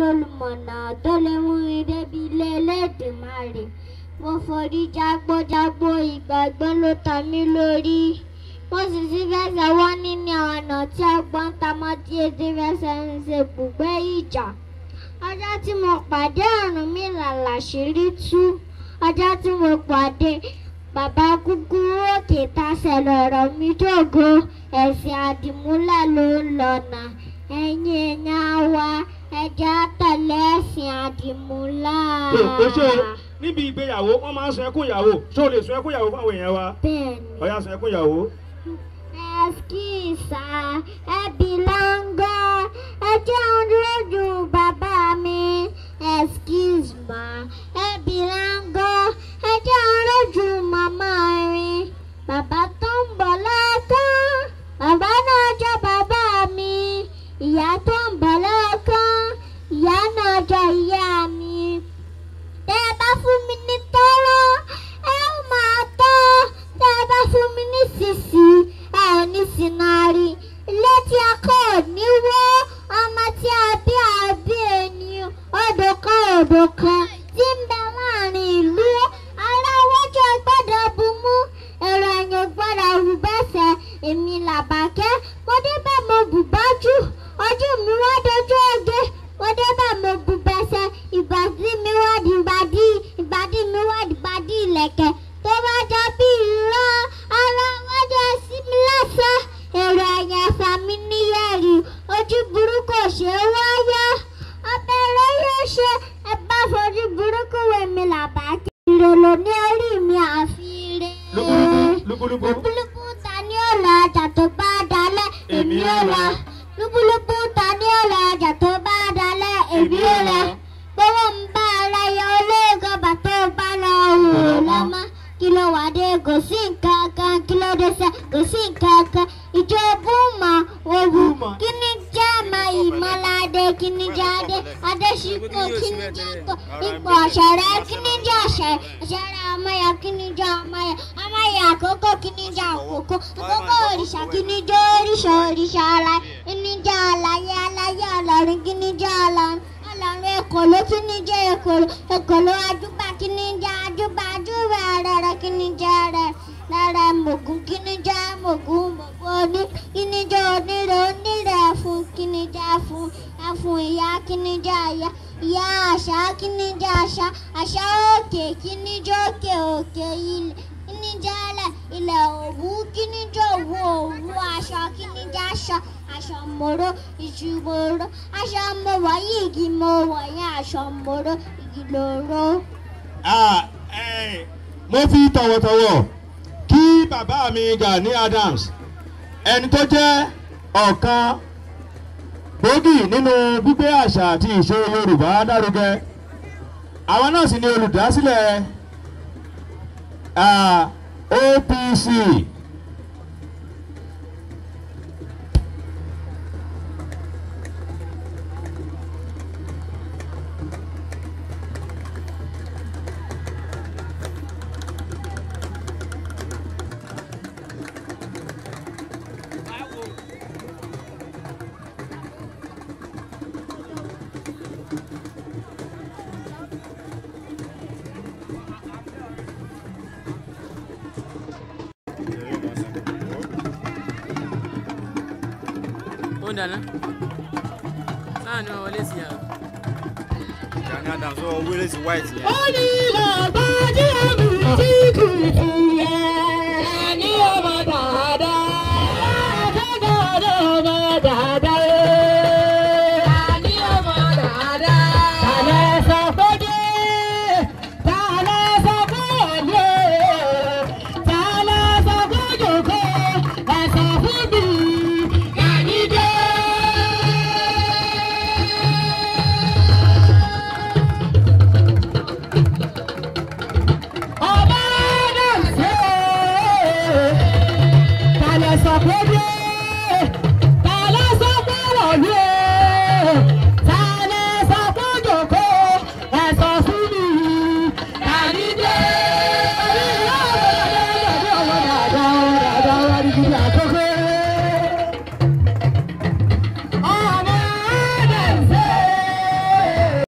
lólùmọ̀nà tó lè mú mi débi ilé Ẹlẹ́dùmarè mo forí jágbójágbó ìgbàgbọ́ ló ta mí lórí mo sì ti fẹsẹ̀ wọ́n nínú ọ̀nà tí ọgbọ́n tamọ́ tí etí fẹsẹ̀ ń ṣe bùgbé ìjà ọjọ́ tí mo pàdé ọ̀run mi làlàṣírí tú ọjọ́ tí mo pàdé bàbá kúkúrú òkè tàṣẹ lọ̀rọ̀ mi dògo ẹ̀sìn àdìmúlẹ̀ ló ń lọ́nà ẹ̀yìn ẹ̀yà wa ẹja tẹ̀lé ẹ̀sìn àdìmúlà. kò ṣe níbi ìgbéyàwó wọ́n máa ń sun ẹkún ìyàwó ṣé o lè sun ẹkún ìyàwó fáwọn èèyàn wa. bẹ́ẹ̀ni ó yá sun ẹkún ìyàwó. ẹskísà ẹbí láńgá ẹjẹ èmi làbàkẹ́ mo débẹ̀ mo bù bájú ojú mi wá dojú oge mo débẹ̀ mo bù bẹsẹ̀ ìbàdí mi wá di ìbàdí ìbàdí mi wá di ìbàdí ìlẹ̀kẹ̀ tó bá jọ bí ìró ara wọn jọ sí mi lásán èrò ẹ̀yìn ẹ̀fà mi níyẹ̀rì ojú burúkú ò ṣe é ọbẹ̀ rẹ yóò ṣe ẹ fojú burúkú wẹ̀mí làbàkẹ́ ìrèlò ní orí mi àfi ire. lúkúlùkù. ìbílẹ̀ bọ́wọ́ ń bá ara yọ olóògùn bàtọ́ bá lọ òun lọ́mọ kí ló wà dé kò sí nǹkan kan kí ló dé sẹ́ kò sí nǹkan kan ìjọba mọ̀ owó kí ni jẹ́ àmà ìmọ̀ládé kí ni jẹ́ adé adéṣíkò kí ni jẹ́ ipò ipò ọ̀ṣẹ̀rẹ̀ ẹ̀kọ́ ló tún ní jẹ́ ẹ̀kọ́ ẹ̀kọ́ ló ajúbà kí ni jẹ́ ajúbà ajúbà rẹ̀rẹ̀ kí ni jẹ́ rẹ̀ rẹ̀rẹ̀ mògùn kí ni jẹ́ mògùn mògùn oní kí ni jẹ́ onírè onírè fún kí ni jẹ́ fún ẹ̀fún ìyá kí ni jẹ́ àyà ìyá àṣà kí ni jẹ́ àṣà àṣà òkè kí ni jẹ́ òkè òkè ilẹ̀ kí ni jẹ́ ilẹ̀ òwú kí ni jẹ́ òwú òwú àṣà kí ni jẹ́ àṣà aṣọmọró iṣu moro aṣọmọwà yìí igi mo wọ̀nyẹn aṣọmọró igi lóró. mo fi tọ̀wọ̀tọ̀wọ̀ kí bàbá mi Gani Adams ẹni tó jẹ́ ọ̀kan gbòógì nínú gbígbé àṣà àti ìṣe Yorùbá dárugẹ àwọn náà sì ni olùdásílẹ̀ OPC. ń dáná láàánú wọlé sí yàrá. Gani Adams ọ wéré sí white yẹn. ó ní ìlànà. Yeah.